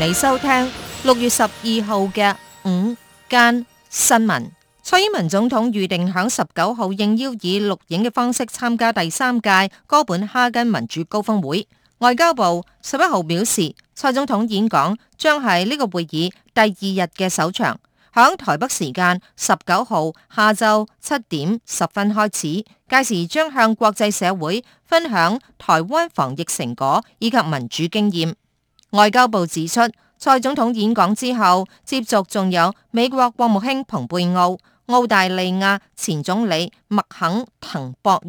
你收聽六月十二號嘅午間新聞。蔡英文總統預定響十九號應邀以錄影嘅方式參加第三屆哥本哈根民主高峰會。外交部十一號表示，蔡總統演講將係呢個會議第二日嘅首場，響台北時間十九號下晝七點十分開始，屆時將向國際社會分享台灣防疫成果以及民主經驗。外交部指出，蔡總統演講之後，接續仲有美國國務卿蓬佩奧、澳大利亞前總理麥肯滕博爾、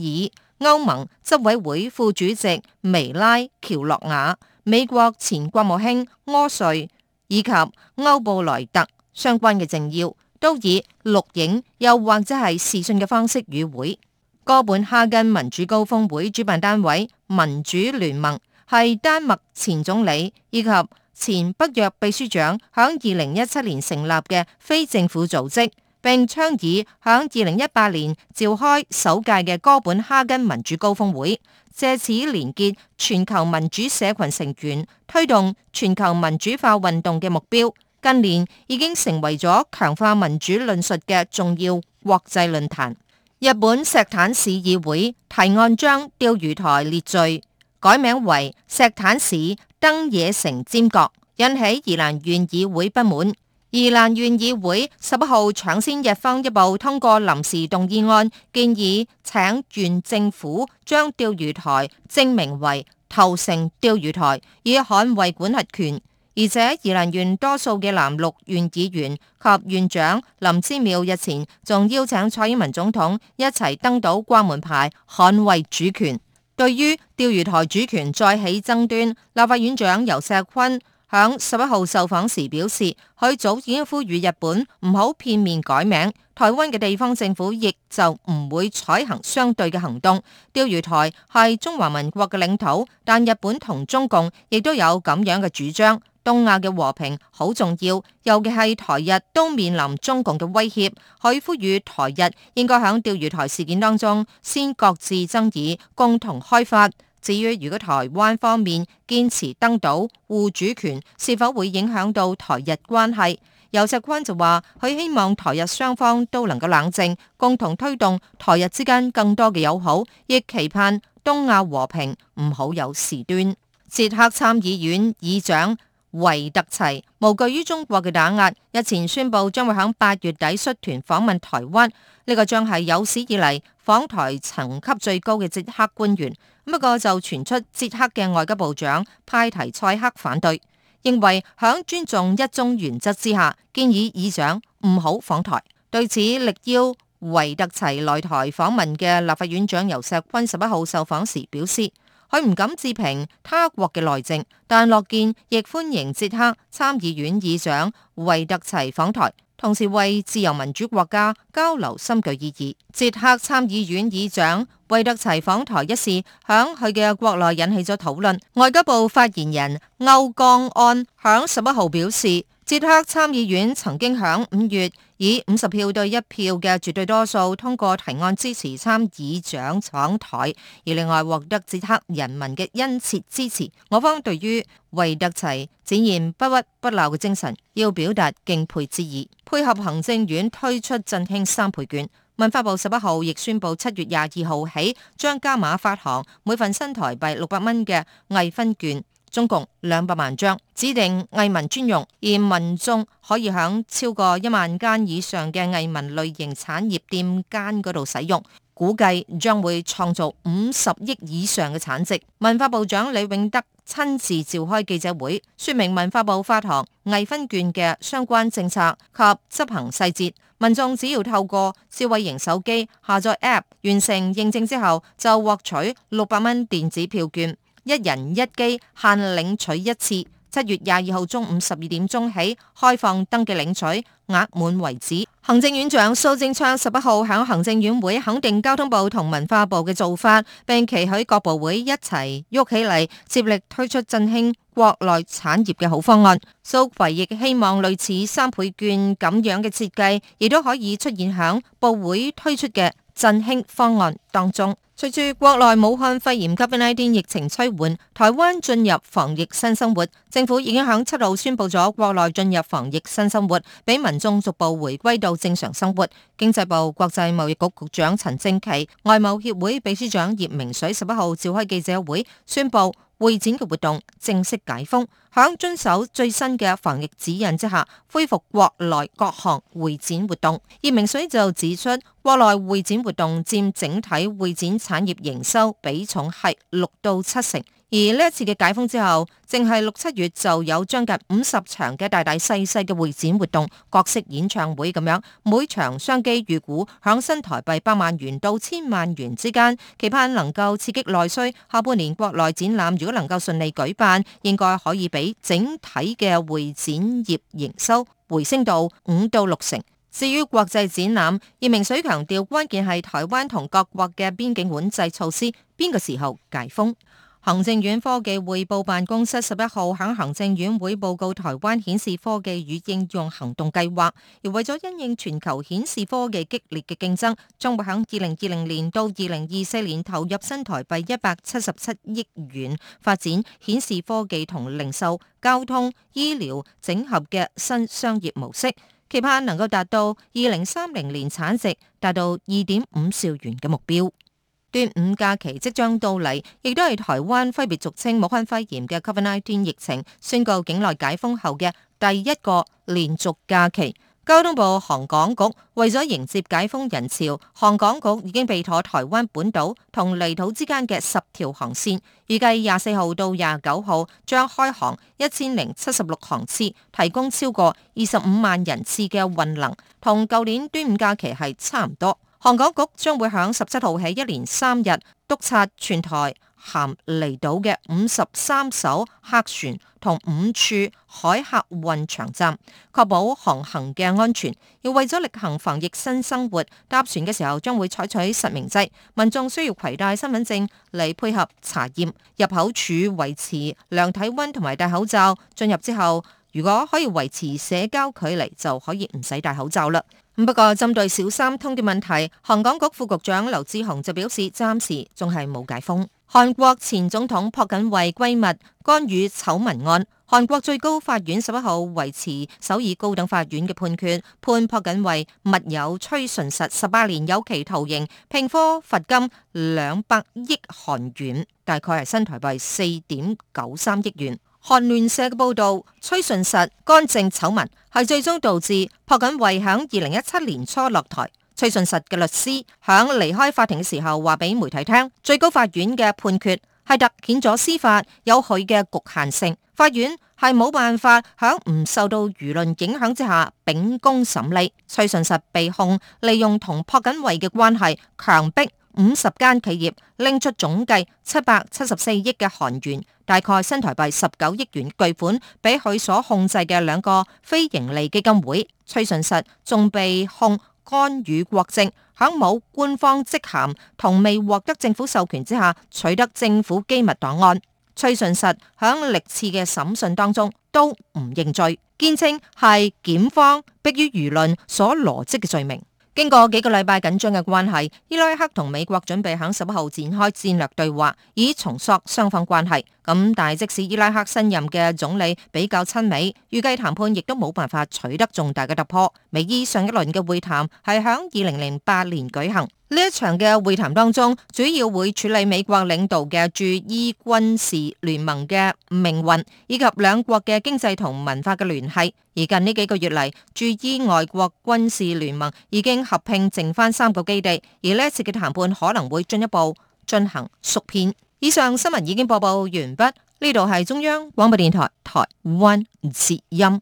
歐盟執委會副主席梅拉喬洛瓦、美國前國務卿柯瑞以及歐布萊特相關嘅政要，都以錄影又或者係視訊嘅方式與會。哥本哈根民主高峰會主辦單位民主聯盟係丹麥前總理以及前北約秘書長響二零一七年成立嘅非政府組織，並倡議響二零一八年召開首屆嘅哥本哈根民主高峰會，借此連結全球民主社群成員，推動全球民主化運動嘅目標。近年已經成為咗強化民主論述嘅重要國際論壇。日本石垣市議會提案將釣魚台列嶼。改名為石垣市登野城尖閣，引起宜蘭縣議會不滿。宜蘭縣議會十一號搶先日方一步通過臨時動議案，建議請縣政府將釣魚台更名為頭城釣魚台，以捍衛管轄權。而且宜蘭縣多數嘅藍綠縣議員及縣長林姿妙日前仲邀請蔡英文總統一齊登島掛門牌，捍衛主權。對於釣魚台主權再起爭端，立法院長游錫堃響十一號受訪時表示，佢早已經呼籲日本唔好片面改名，台灣嘅地方政府亦就唔會採行相對嘅行動。釣魚台係中華民國嘅領土，但日本同中共亦都有咁樣嘅主張。東亞嘅和平好重要，尤其係台日都面臨中共嘅威脅，佢呼籲台日應該響釣魚台事件當中先各自爭議，共同開發。至於如果台灣方面堅持登島護主權，是否會影響到台日關係？游錫堃就話：佢希望台日雙方都能夠冷靜，共同推動台日之間更多嘅友好，亦期盼東亞和平唔好有事端。捷克參議院議長。維特齊無懼於中國嘅打壓，日前宣布將會喺八月底率團訪問台灣，呢、這個將係有史以嚟訪台層級最高嘅捷克官員。不、那、一、個、就傳出捷克嘅外交部長派提塞克反對，認為響尊重一中原則之下，建議議長唔好訪台。對此，力邀維特齊來台訪問嘅立法院長游錫堃十一號受訪時表示。佢唔敢置評他國嘅內政，但樂見亦歡迎捷克參議院議長維特齊訪台，同時為自由民主國家交流深具意義。捷克參議院議長維特齊訪台一事，響佢嘅國內引起咗討論。外交部發言人歐江安響十一號表示。捷克參議院曾經響五月以五十票對一票嘅絕對多數通過提案，支持參議長訪台，而另外獲得捷克人民嘅殷切支持。我方對於維特齊展現不屈不撓嘅精神，要表達敬佩之意。配合行政院推出振興三倍券，文化部十八號亦宣佈七月廿二號起將加碼發行每份新台幣六百蚊嘅藝 FUN 券。總共兩百萬張指定藝文專用，而民眾可以喺超過一萬間以上嘅藝文類型產業店間嗰度使用，估計將會創造五十億以上嘅產值。文化部長李永德親自召開記者會，説明文化部發行藝 FUN 券嘅相關政策及執行細節。民眾只要透過智慧型手機下載 App 完成認證之後，就獲取六百蚊電子票券。一人一機，限領取一次。七月廿二號中午十二點鐘起開放登記領取，額滿為止。行政院長蘇貞昌十一號喺行政院會肯定交通部同文化部嘅做法，並期許各部會一齊喐起嚟，接力推出振興國內產業嘅好方案。蘇維亦希望類似三倍券咁樣嘅設計，亦都可以出現響部會推出嘅振興方案當中。隨住國內武漢肺炎 COVID-19 疫情趨緩，台灣進入防疫新生活。政府已經喺七號宣布咗國內進入防疫新生活，俾民眾逐步回歸到正常生活。經濟部國際貿易局局長陳正奇、外貿協會秘書長葉明水十一號召開記者會，宣布會展嘅活動正式解封，響遵守最新嘅防疫指引之下，恢復國內各項會展活動。葉明水就指出，國內會展活動佔整體會展。產業營收比重係六到七成，而呢一次嘅解封之後，淨係六七月就有將近五十場嘅大大細細嘅會展活動、各式演唱會咁樣，每場商機預估響新台幣百萬元到千萬元之間，期盼能夠刺激內需。下半年國內展覽如果能夠順利舉辦，應該可以俾整體嘅會展業營收回升到五到六成。至於國際展覽，葉明水強調，關鍵係台灣同各國嘅邊境管制措施邊個時候解封。行政院科技會報辦公室十一號喺行政院會報告台灣顯示科技與應用行動計劃，而為咗因應全球顯示科技激烈嘅競爭，將會喺二零二零年到二零二四年投入新台幣一百七十七億元發展顯示科技同零售、交通、醫療整合嘅新商業模式。期盼能夠達到二零三零年產值達到二點五兆元嘅目標。端午假期即將到嚟，亦都係台灣分別俗稱「武漢肺炎」嘅 COVID-19 疫情宣告境內解封後嘅第一個連續假期。交通部航港局為咗迎接解封人潮，航港局已經備妥台灣本島同離島之間嘅十條航線，預計廿四號到廿九號將開航一千零七十六航次，提供超過二十五萬人次嘅運能，同舊年端午假期係差唔多。航港局將會響十七號起一連三日督察全台，含離島嘅五十三艘客船同五處海客運場站，確保航行嘅安全。要為咗力行防疫新生活，搭船嘅時候將會採取實名制，民眾需要攜帶身份證嚟配合查驗。入口處維持量體溫同埋戴口罩，進入之後。如果可以維持社交距離，就可以唔使戴口罩啦。不過，針對小三通嘅問題，香港局副局長劉志雄就表示，暫時仲係冇解封。韓國前總統朴槿惠閨蜜干預醜聞案，韓國最高法院十一號維持首爾高等法院嘅判決，判朴槿惠密友崔順實十八年有期徒刑，並科罰金兩百億韓元，大概係新台幣四點九三億元。《韓聯社》嘅報道，崔順實干政醜聞係最終導致朴槿惠響二零一七年初落台。崔順實嘅律師響離開法庭嘅時候話俾媒體聽，最高法院嘅判決係凸顯咗司法有佢嘅局限性，法院係冇辦法響唔受到輿論影響之下秉公審理。崔順實被控利用同朴槿惠嘅關係強迫。五十間企業拎出總計七百七十四億嘅韓元，大概新台幣十九億元巨款，俾佢所控制嘅兩個非營利基金會。崔順實仲被控干預國政，響冇官方職銜同未獲得政府授權之下取得政府機密檔案。崔順實響歷次嘅審訊當中都唔認罪，堅稱係檢方迫於輿論所羅織嘅罪名。經過幾個禮拜緊張嘅關係，伊拉克同美國準備喺十一號展開戰略對話，以重塑雙方關係。咁但係即使伊拉克新任嘅總理比較親美，預計談判亦都冇辦法取得重大嘅突破。美伊上一輪嘅會談係響二零零八年舉行，呢一場嘅會談當中，主要會處理美國領導嘅駐伊軍事聯盟嘅命運，以及兩國嘅經濟同文化嘅聯繫。而近呢幾個月嚟，駐伊外國軍事聯盟已經合併剩翻三個基地，而呢一次嘅談判可能會進一步進行縮編。以上新聞已經播報完畢，呢度係中央廣播電台台灣之音。